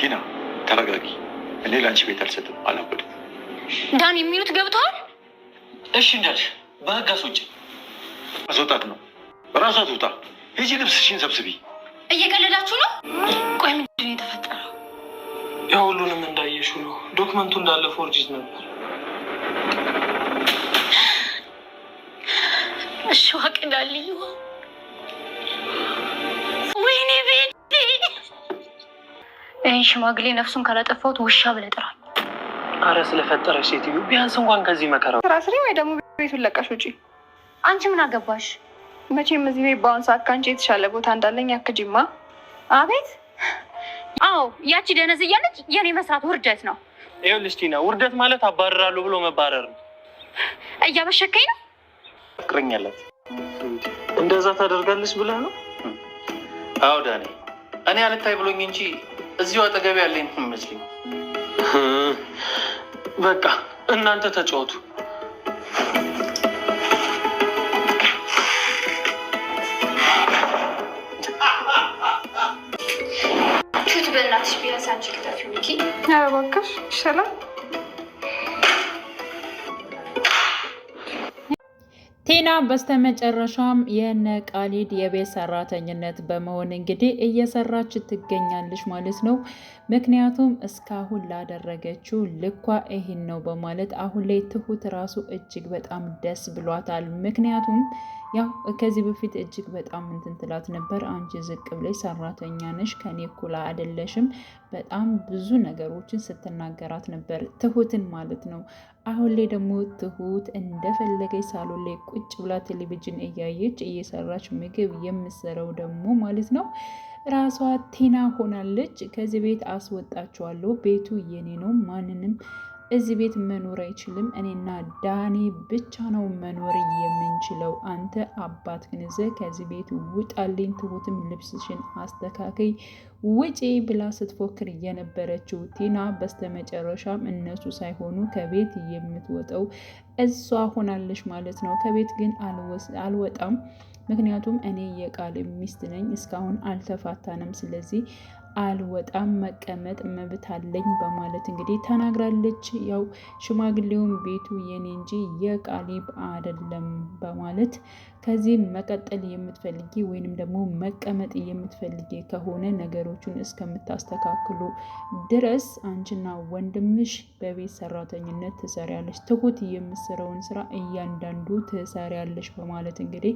ቲና ተረጋጊ። እኔ ለአንቺ ቤት አልሰጥም አላበድ ዳን የሚሉት ገብተዋል። እሺ እንዳል በህግ አስወጭ አስወጣት ነው ራሷ ትውጣ። ሂጂ ልብስሽን ሰብስቢ። እየቀለዳችሁ ነው። ቆይ ምንድን ነው የተፈጠረው? ያ ሁሉንም እንዳየሹ ነው። ዶክመንቱ እንዳለ ፎርጂዝ ነበር። እሺ ዋቅ እኔ ሽማግሌ ነፍሱን ካላጠፋሁት ውሻ ብለህ ጥራኝ። አረ ስለፈጠረሽ ሴትዮ ቢያንስ እንኳን ከዚህ መከራ ስራ ራስሪ ወይ ደግሞ ቤቱን ለቀሽ ውጪ። አንቺ ምን አገባሽ? መቼም እዚህ ቤት በአሁን ሰዓት ከአንቺ የተሻለ ቦታ እንዳለኝ ያክጅማ። አቤት። አዎ ያቺ ደነዝ እያለች የኔ መስራት ውርደት ነው። ይኸውልሽ ቲና፣ ውርደት ማለት አባረራለሁ ብሎ መባረር ነው። እያበሸከኝ ነው። ፍቅረኛለት እንደዛ ታደርጋለች ብለህ ነው? አዎ ዳኔ፣ እኔ አልታይ ብሎኝ እንጂ እዚሁ አጠገብ ያለኝ ይመስለኝ። በቃ እናንተ ተጫወቱ። ፊት በእናትሽ ቢያንስ አንቺ ክታፊ ሚኪ፣ ኧረ እባክሽ ይሻላል። ቴና በስተመጨረሻም የነ ቃሊድ የቤት ሰራተኝነት በመሆን እንግዲህ እየሰራች ትገኛለች ማለት ነው። ምክንያቱም እስካሁን ላደረገችው ልኳ ይህን ነው በማለት አሁን ላይ ትሁት ራሱ እጅግ በጣም ደስ ብሏታል። ምክንያቱም ያው ከዚህ በፊት እጅግ በጣም እንትን ትላት ነበር። አንቺ ዝቅ ብለሽ ሰራተኛ ነሽ፣ ከኔ እኩል አይደለሽም፣ በጣም ብዙ ነገሮችን ስትናገራት ነበር፣ ትሁትን ማለት ነው። አሁን ላይ ደግሞ ትሁት እንደፈለገች ሳሎን ላይ ቁጭ ብላ ቴሌቪዥን እያየች እየሰራች ምግብ የምሰራው ደግሞ ማለት ነው ራሷ ቴና ሆናለች። ከዚህ ቤት አስወጣችኋለሁ፣ ቤቱ የኔ ነው፣ ማንንም እዚህ ቤት መኖር አይችልም። እኔና ዳኔ ብቻ ነው መኖር የምንችለው። አንተ አባት ግን ይዘህ ከዚህ ቤት ውጣልኝ፣ ትሁትም ልብስሽን አስተካከይ ውጪ ብላ ስትፎክር የነበረችው ቲና በስተመጨረሻም እነሱ ሳይሆኑ ከቤት የምትወጣው እሷ ሆናለች ማለት ነው። ከቤት ግን አልወጣም፣ ምክንያቱም እኔ የቃል ሚስት ነኝ፣ እስካሁን አልተፋታንም። ስለዚህ አልወጣም መቀመጥ መብት አለኝ በማለት እንግዲህ ተናግራለች። ያው ሽማግሌውን ቤቱ የኔ እንጂ የቃሊብ አይደለም በማለት ከዚህም መቀጠል የምትፈልጊ ወይንም ደግሞ መቀመጥ የምትፈልጊ ከሆነ ነገሮቹን እስከምታስተካክሉ ድረስ አንቺና ወንድምሽ በቤት ሰራተኝነት ትሰሪያለሽ፣ ትሁት የምትሰራውን ስራ እያንዳንዱ ትሰሪያለሽ በማለት እንግዲህ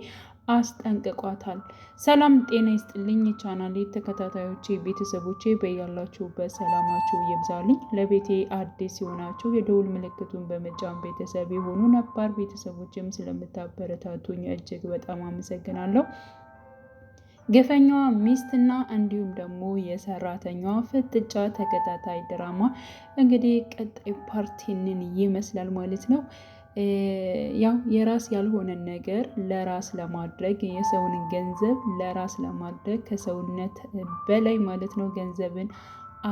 አስጠንቅቋታል። ሰላም ጤና ይስጥልኝ ቻናሌ ተከታታዮቼ ቤተሰቦቼ በያላችሁ በሰላማችሁ ይብዛልኝ። ለቤቴ አዲስ የሆናችሁ የደውል ምልክቱን በመጫን ቤተሰብ የሆኑ ነባር ቤተሰቦችም ስለምታበረታቱኝ እጅ እጅግ በጣም አመሰግናለሁ። ግፈኛዋ ሚስትና እንዲሁም ደግሞ የሰራተኛዋ ፍጥጫ ተከታታይ ድራማ እንግዲህ ቀጣይ ፓርቲንን ይመስላል ማለት ነው። ያው የራስ ያልሆነ ነገር ለራስ ለማድረግ የሰውን ገንዘብ ለራስ ለማድረግ ከሰውነት በላይ ማለት ነው ገንዘብን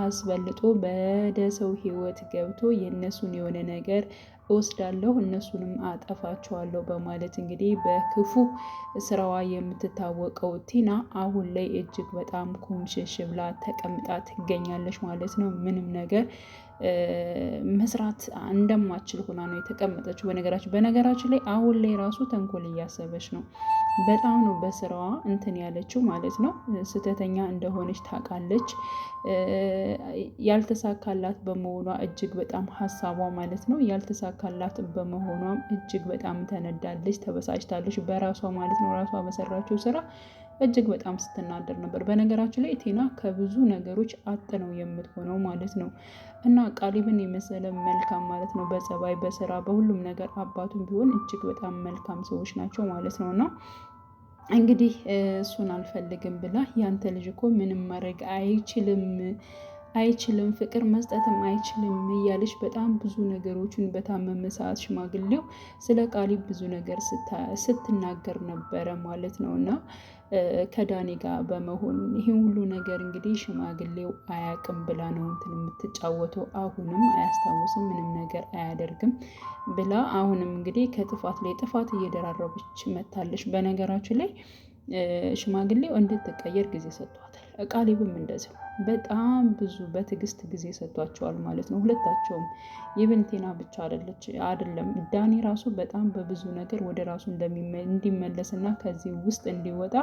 አስበልጦ ወደ ሰው ህይወት ገብቶ የእነሱን የሆነ ነገር እወስዳለሁ እነሱንም አጠፋቸዋለሁ በማለት እንግዲህ በክፉ ስራዋ የምትታወቀው ቲና አሁን ላይ እጅግ በጣም ኩምሽሽ ብላ ተቀምጣ ትገኛለች ማለት ነው። ምንም ነገር መስራት እንደማችል ሆና ነው የተቀመጠችው። በነገራችን በነገራችን ላይ አሁን ላይ ራሱ ተንኮል እያሰበች ነው። በጣም ነው በስራዋ እንትን ያለችው ማለት ነው። ስህተተኛ እንደሆነች ታውቃለች። ያልተሳካላት በመሆኗ እጅግ በጣም ሀሳቧ ማለት ነው ያልተሳካላት በመሆኗም እጅግ በጣም ተነዳለች፣ ተበሳጭታለች በራሷ ማለት ነው። ራሷ በሰራችው ስራ እጅግ በጣም ስትናደር ነበር። በነገራችን ላይ ቴና ከብዙ ነገሮች አጥነው የምትሆነው ማለት ነው እና ቃሊብን የመሰለ መልካም ማለት ነው በጸባይ በስራ በሁሉም ነገር አባቱም ቢሆን እጅግ በጣም መልካም ሰዎች ናቸው ማለት ነው እና እንግዲህ እሱን አልፈልግም ብላ ያንተ ልጅ እኮ ምንም ማድረግ አይችልም አይችልም ፍቅር መስጠትም አይችልም እያለች በጣም ብዙ ነገሮችን በታመመ ሰዓት ሽማግሌው ስለ ቃሊብ ብዙ ነገር ስትናገር ነበረ ማለት ነው። እና ከዳኔ ጋር በመሆን ይህ ሁሉ ነገር እንግዲህ ሽማግሌው አያቅም ብላ ነው እንትን የምትጫወተው። አሁንም አያስታውስም፣ ምንም ነገር አያደርግም ብላ አሁንም እንግዲህ ከጥፋት ላይ ጥፋት እየደራረበች መታለች። በነገራችን ላይ ሽማግሌው እንድትቀየር ጊዜ ሰጥቷል። ቃሊብም እንደዚህ በጣም ብዙ በትዕግስት ጊዜ ሰጥቷቸዋል ማለት ነው። ሁለታቸውም ኢብን ብቻ አደለች አይደለም ዳኒ ራሱ በጣም በብዙ ነገር ወደ ራሱ እንዲመለስና ከዚህ ውስጥ እንዲወጣ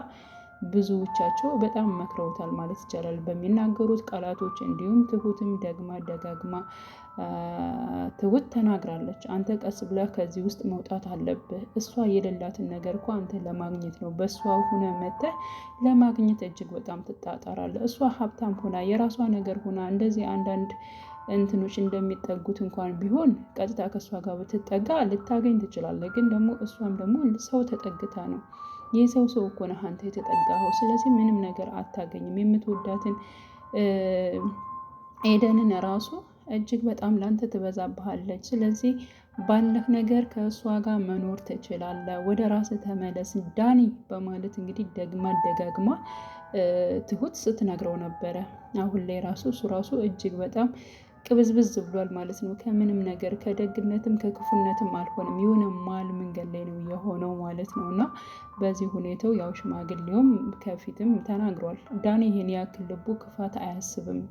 ብዙዎቻቸው በጣም መክረውታል ማለት ይቻላል። በሚናገሩት ቃላቶች እንዲሁም ትሁትም ደግማ ደጋግማ ትሁት ተናግራለች። አንተ ቀስ ብለህ ከዚህ ውስጥ መውጣት አለብህ። እሷ የሌላትን ነገር እኮ አንተ ለማግኘት ነው። በእሷ ሆነ መተህ ለማግኘት እጅግ በጣም ትጣጣራለህ። እሷ ሀብታም ሆና የራሷ ነገር ሆና እንደዚህ አንዳንድ እንትኖች እንደሚጠጉት እንኳን ቢሆን ቀጥታ ከእሷ ጋር ብትጠጋ ልታገኝ ትችላለህ። ግን ደግሞ እሷም ደግሞ ሰው ተጠግታ ነው የሰው ሰው እኮ ነህ አንተ የተጠጋኸው። ስለዚህ ምንም ነገር አታገኝም። የምትወዳትን ኤደንን ራሱ እጅግ በጣም ላንተ ትበዛብሃለች። ስለዚህ ባለህ ነገር ከእሷ ጋር መኖር ትችላለህ። ወደ ራስ ተመለስ ዳኒ በማለት እንግዲህ ደግማ ደጋግማ ትሁት ስትነግረው ነበረ። አሁን ላይ ራሱ እሱ ራሱ እጅግ በጣም ቅብዝብዝ ብሏል ማለት ነው። ከምንም ነገር ከደግነትም ከክፉነትም አልሆነም። የሆነ ማል መንገድ ላይ ነው የሆነው ማለት ነው እና በዚህ ሁኔታው ያው ሽማግሌውም ከፊትም ተናግሯል። ዳኒ ይህን ያክል ልቡ ክፋት አያስብም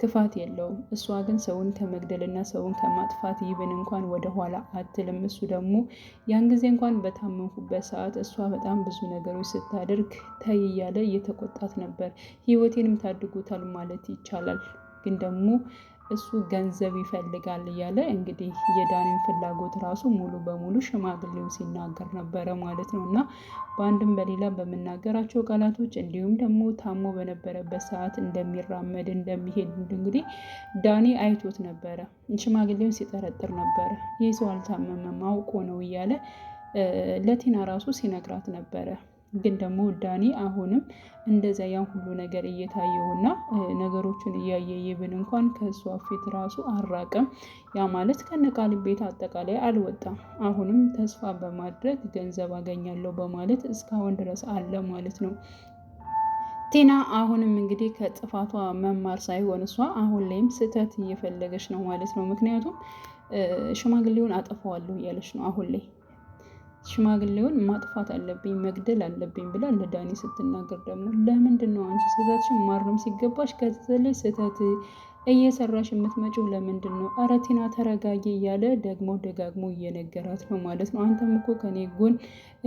ክፋት የለውም። እሷ ግን ሰውን ከመግደልና ሰውን ከማጥፋት ይብን እንኳን ወደኋላ አትልም። እሱ ደግሞ ያን ጊዜ እንኳን በታመንኩበት ሰዓት እሷ በጣም ብዙ ነገሮች ስታደርግ ተይ እያለ እየተቆጣት ነበር። ህይወቴንም ታድጉታል ማለት ይቻላል ግን ደግሞ እሱ ገንዘብ ይፈልጋል እያለ እንግዲህ የዳኒን ፍላጎት ራሱ ሙሉ በሙሉ ሽማግሌው ሲናገር ነበረ ማለት ነው። እና በአንድም በሌላ በምናገራቸው ቃላቶች እንዲሁም ደግሞ ታሞ በነበረበት ሰዓት እንደሚራመድ እንደሚሄድ እንግዲህ ዳኒ አይቶት ነበረ። ሽማግሌውን ሲጠረጥር ነበረ። ይህ ሰው አልታመመም አውቆ ነው እያለ ለቲና ራሱ ሲነግራት ነበረ። ግን ደግሞ ዳኒ አሁንም እንደዛ ያን ሁሉ ነገር እየታየውና ነገሮችን እያየ ይብን እንኳን ከእሷ ፊት ራሱ አራቀም። ያ ማለት ከነቃል ቤት አጠቃላይ አልወጣም። አሁንም ተስፋ በማድረግ ገንዘብ አገኛለሁ በማለት እስካሁን ድረስ አለ ማለት ነው። ቲና አሁንም እንግዲህ ከጥፋቷ መማር ሳይሆን እሷ አሁን ላይም ስህተት እየፈለገች ነው ማለት ነው። ምክንያቱም ሽማግሌውን አጠፋዋለሁ እያለች ነው አሁን ላይ ሽማግሌውን ማጥፋት አለብኝ መግደል አለብኝ ብላ ለዳኒ ስትናገር ደግሞ ለምንድን ነው አንቺ ስህተትሽን ማረም ሲገባሽ ከዚህ ስህተት እየሰራሽ የምትመጪው ለምንድን ነው? ኧረ ቲና ተረጋጊ እያለ ደግሞ ደጋግሞ እየነገራት ነው ማለት ነው። አንተም እኮ ከኔ ጎን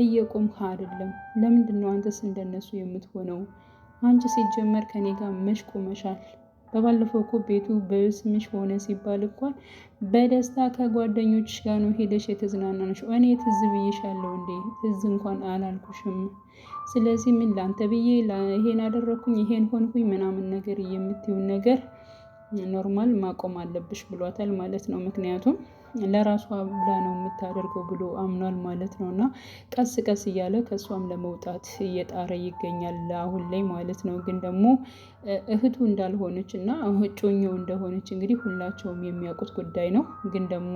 እየቆም አይደለም። ለምንድን ነው አንተስ እንደነሱ የምትሆነው? አንቺ ሲጀመር ከኔ ጋር መች ቆመሻል? በባለፈው እኮ ቤቱ በስምሽ ሆነ ሲባል እንኳን በደስታ ከጓደኞች ጋር ነው ሄደሽ የተዝናናነሽ። እኔ ትዝ ብዬሻለሁ እንዴ? ትዝ እንኳን አላልኩሽም። ስለዚህ ምን ለአንተ ብዬ ይሄን አደረግኩኝ ይሄን ሆንኩኝ ምናምን ነገር የምትይውን ነገር ኖርማል ማቆም አለብሽ ብሏታል ማለት ነው ምክንያቱም ለራሷ ብላ ነው የምታደርገው ብሎ አምኗል ማለት ነው። እና ቀስ ቀስ እያለ ከእሷም ለመውጣት እየጣረ ይገኛል አሁን ላይ ማለት ነው። ግን ደግሞ እህቱ እንዳልሆነች እና እጮኛው እንደሆነች እንግዲህ ሁላቸውም የሚያውቁት ጉዳይ ነው። ግን ደግሞ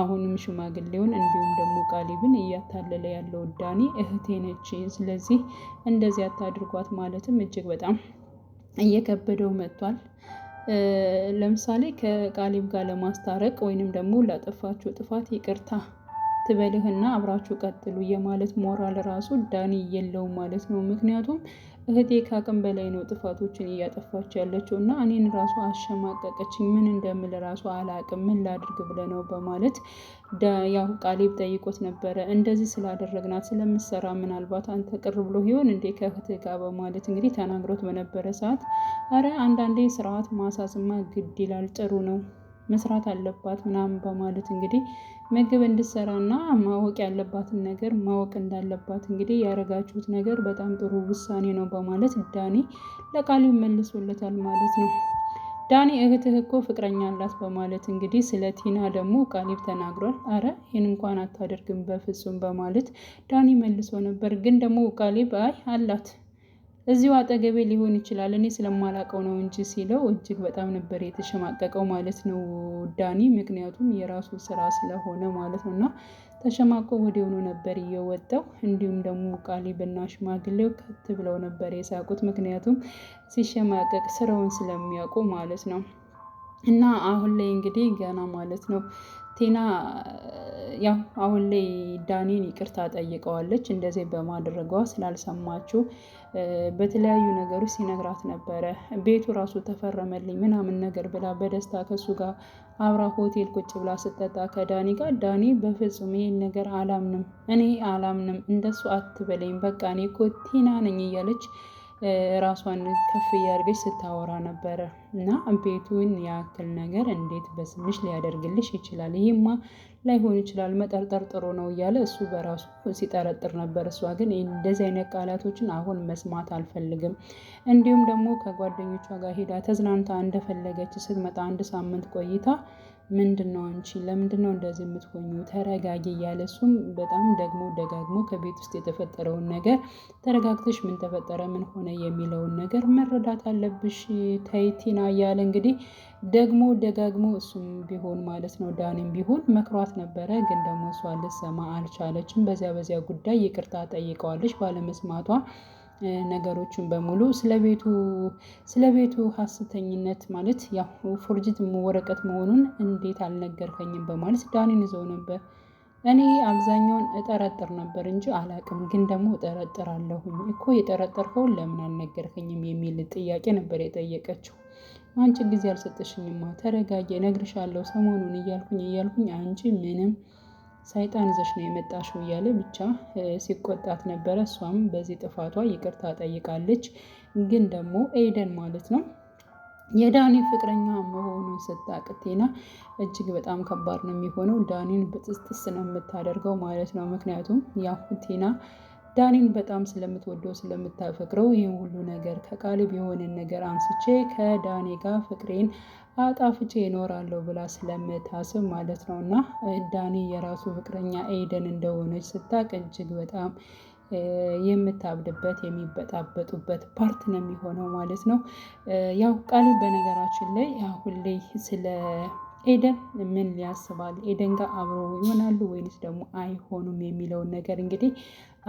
አሁንም ሽማግሌውን እንዲሁም ደግሞ ቃሊብን እያታለለ ያለው ዳኒ እህቴ ነች፣ ስለዚህ እንደዚህ አታድርጓት ማለትም እጅግ በጣም እየከበደው መጥቷል። ለምሳሌ ከቃሊብ ጋር ለማስታረቅ ወይንም ደግሞ ላጠፋችሁ ጥፋት ይቅርታ ትበልህና አብራችሁ ቀጥሉ የማለት ሞራል ራሱ ዳኒ የለውም ማለት ነው። ምክንያቱም እህቴ ከአቅም በላይ ነው ጥፋቶችን እያጠፋች ያለችው እና እኔን ራሱ አሸማቀቀችኝ። ምን እንደምል ራሱ አላቅም፣ ምን ላድርግ ብለ ነው በማለት ያው ቃሌብ ጠይቆት ነበረ። እንደዚህ ስላደረግናት ስለምሰራ ምናልባት አንተ ቅር ብሎ ይሆን እንዴ ከእህት ጋር በማለት እንግዲህ ተናግሮት በነበረ ሰዓት አረ አንዳንዴ ስርዓት ማሳዝማ ግድ ይላል ጥሩ ነው መስራት አለባት ምናምን በማለት እንግዲህ ምግብ እንድትሰራና ማወቅ ያለባትን ነገር ማወቅ እንዳለባት እንግዲህ ያደረጋችሁት ነገር በጣም ጥሩ ውሳኔ ነው በማለት ዳኒ ለቃሉ መልሶለታል ማለት ነው። ዳኒ እህትህ እኮ ፍቅረኛ አላት በማለት እንግዲህ ስለ ቲና ደግሞ ቃሊብ ተናግሯል። አረ ይህን እንኳን አታደርግም በፍጹም በማለት ዳኒ መልሶ ነበር። ግን ደግሞ ቃሊብ አይ አላት እዚሁ አጠገቤ ሊሆን ይችላል እኔ ስለማላቀው ነው እንጂ ሲለው እጅግ በጣም ነበር የተሸማቀቀው ማለት ነው ዳኒ። ምክንያቱም የራሱ ስራ ስለሆነ ማለት ነው እና ተሸማቆ ወዲያውኑ ነበር እየወጣው። እንዲሁም ደግሞ ቃሊብና ሽማግሌው ከት ብለው ነበር የሳቁት፣ ምክንያቱም ሲሸማቀቅ ስራውን ስለሚያውቁ ማለት ነው። እና አሁን ላይ እንግዲህ ገና ማለት ነው ቴና ያው አሁን ላይ ዳኒን ይቅርታ ጠይቀዋለች። እንደዚህ በማድረጓ ስላልሰማችው በተለያዩ ነገሮች ሲነግራት ነበረ። ቤቱ ራሱ ተፈረመልኝ ምናምን ነገር ብላ በደስታ ከሱ ጋር አብራ ሆቴል ቁጭ ብላ ስጠጣ ከዳኒ ጋር ዳኒ በፍጹም ይሄን ነገር አላምንም፣ እኔ አላምንም፣ እንደሱ አትበለኝ፣ በቃ እኔ እኮ ነኝ እያለች ራሷን ከፍ እያደረገች ስታወራ ነበረ እና ቤቱን ያክል ነገር እንዴት በትንሽ ሊያደርግልሽ ይችላል? ይህማ ላይሆን ይችላል መጠርጠር ጥሩ ነው እያለ እሱ በራሱ ሲጠረጥር ነበር። እሷ ግን እንደዚህ አይነት ቃላቶችን አሁን መስማት አልፈልግም። እንዲሁም ደግሞ ከጓደኞቿ ጋር ሄዳ ተዝናንታ እንደፈለገች ስትመጣ አንድ ሳምንት ቆይታ ምንድን ነው አንቺ ለምንድን ነው እንደዚህ የምትሆኙ? ተረጋጊ እያለ እሱም በጣም ደግሞ ደጋግሞ ከቤት ውስጥ የተፈጠረውን ነገር ተረጋግተሽ ምን ተፈጠረ ምን ሆነ የሚለውን ነገር መረዳት አለብሽ ተይቲና እያለ እንግዲህ ደግሞ ደጋግሞ እሱም ቢሆን ማለት ነው ዳኒም ቢሆን መክሯት ነበረ። ግን ደግሞ እሷ ልትሰማ አልቻለችም። በዚያ በዚያ ጉዳይ ይቅርታ ጠይቀዋለች ባለመስማቷ ነገሮችን በሙሉ ስለ ቤቱ ሀሰተኝነት ማለት ያው ፎርጅት ወረቀት መሆኑን እንዴት አልነገርከኝም በማለት ዳኒን ይዘው ነበር። እኔ አብዛኛውን እጠረጥር ነበር እንጂ አላውቅም፣ ግን ደግሞ እጠረጥራለሁኝ እኮ የጠረጠርከውን ለምን አልነገርከኝም የሚል ጥያቄ ነበር የጠየቀችው። አንቺ ጊዜ አልሰጠሽኝማ፣ ተረጋጊ፣ እነግርሻለሁ ሰሞኑን እያልኩኝ እያልኩኝ አንቺ ምንም ሰይጣን ዘሽ ነው የመጣሽው እያለ ብቻ ሲቆጣት ነበረ። እሷም በዚህ ጥፋቷ ይቅርታ ጠይቃለች። ግን ደግሞ ኤደን ማለት ነው የዳኒ ፍቅረኛ መሆኑን ስታቅ ቲና እጅግ በጣም ከባድ ነው የሚሆነው። ዳኒን ብጥስጥስ ነው የምታደርገው ማለት ነው። ምክንያቱም ያው ዳኒን በጣም ስለምትወደው ስለምታፈቅረው ይህን ሁሉ ነገር ከቃልብ የሆነን ነገር አንስቼ ከዳኒ ጋር ፍቅሬን አጣፍጬ ይኖራለሁ ብላ ስለምታስብ ማለት ነው። እና ዳኒ የራሱ ፍቅረኛ ኤደን እንደሆነች ስታቅ እጅግ በጣም የምታብድበት የሚበጣበጡበት ፓርት ነው የሚሆነው ማለት ነው። ያው ቃልብ በነገራችን ላይ ሁሌ ስለ ኤደን ምን ያስባል? ኤደን ጋር አብሮ ይሆናሉ ወይንስ ደግሞ አይሆኑም የሚለውን ነገር እንግዲህ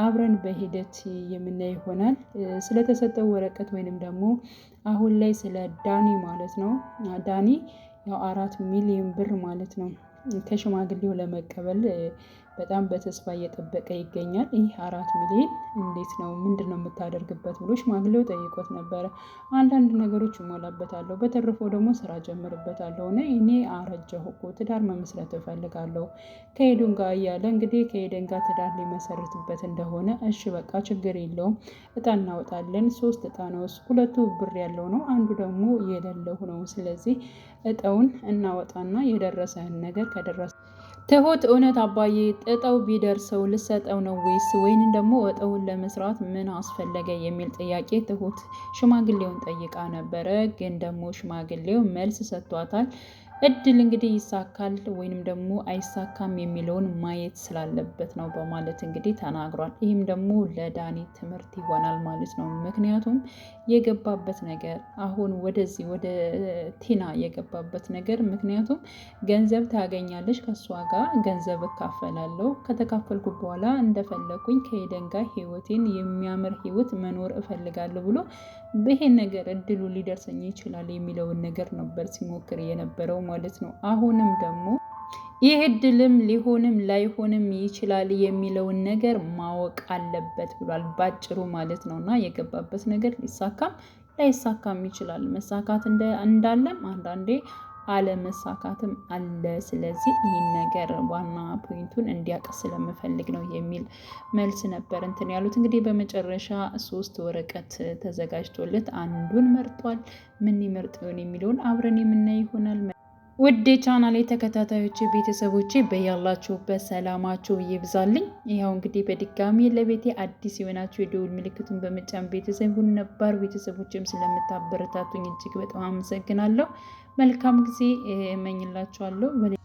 አብረን በሂደት የምናይ ይሆናል። ስለተሰጠው ወረቀት ወይንም ደግሞ አሁን ላይ ስለ ዳኒ ማለት ነው። ዳኒ ያው አራት ሚሊዮን ብር ማለት ነው ከሽማግሌው ለመቀበል በጣም በተስፋ እየጠበቀ ይገኛል። ይህ አራት ሚሊዮን እንዴት ነው ምንድን ነው የምታደርግበት ብሎ ሽማግሌው ጠይቆት ነበረ። አንዳንድ ነገሮች እሞላበታለሁ፣ በተረፈው ደግሞ ስራ ጀምርበታለሁ፣ እኔ አረጀሁ እኮ ትዳር መመስረት እፈልጋለሁ ከሄዱን ጋር እያለ እንግዲህ ከሄደን ጋር ትዳር ሊመሰርትበት እንደሆነ እሺ በቃ ችግር የለውም እጣ እናወጣለን። ሶስት እጣ ነው፣ ሁለቱ ብር ያለው ነው፣ አንዱ ደግሞ የሌለው ነው። ስለዚህ እጣውን እናወጣና የደረሰህን ነገር ከደረሰ ትሁት እውነት አባዬ ጥጠው ቢደርሰው ልሰጠው ነው ወይስ ወይንም ደግሞ ወጠውን ለመስራት ምን አስፈለገ የሚል ጥያቄ ትሁት ሽማግሌውን ጠይቃ ነበረ። ግን ደግሞ ሽማግሌው መልስ ሰጥቷታል። እድል እንግዲህ ይሳካል ወይንም ደግሞ አይሳካም የሚለውን ማየት ስላለበት ነው በማለት እንግዲህ ተናግሯል። ይህም ደግሞ ለዳኒ ትምህርት ይሆናል ማለት ነው። ምክንያቱም የገባበት ነገር አሁን ወደዚህ ወደ ቲና የገባበት ነገር ምክንያቱም ገንዘብ ታገኛለች፣ ከእሷ ጋር ገንዘብ እካፈላለሁ፣ ከተካፈልኩ በኋላ እንደፈለኩኝ ከሄደን ጋር ህይወቴን የሚያምር ህይወት መኖር እፈልጋለሁ ብሎ ይሄ ነገር እድሉ ሊደርሰኝ ይችላል የሚለውን ነገር ነበር ሲሞክር የነበረው ማለት ነው። አሁንም ደግሞ ይህ እድልም ሊሆንም ላይሆንም ይችላል የሚለውን ነገር ማወቅ አለበት ብሏል ባጭሩ ማለት ነው። እና የገባበት ነገር ሊሳካም ላይሳካም ይችላል። መሳካት እንዳለም አንዳንዴ አለመሳካትም አለ። ስለዚህ ይህን ነገር ዋና ፖይንቱን እንዲያውቅ ስለምፈልግ ነው የሚል መልስ ነበር እንትን ያሉት። እንግዲህ በመጨረሻ ሶስት ወረቀት ተዘጋጅቶለት አንዱን መርጧል። ምን ይመርጥ ይሆን የሚለውን አብረን የምናይ ይሆናል። ውድ ቻናል የተከታታዮች ቤተሰቦቼ በያላችሁበት ሰላማችሁ ይብዛልኝ። ይኸው እንግዲህ በድጋሚ ለቤቴ አዲስ የሆናችሁ የደውል ምልክቱን በመጫን ቤተሰብ ሁኑ። ነባር ቤተሰቦችም ስለምታበረታቱኝ እጅግ በጣም አመሰግናለሁ። መልካም ጊዜ እመኝላችኋለሁ።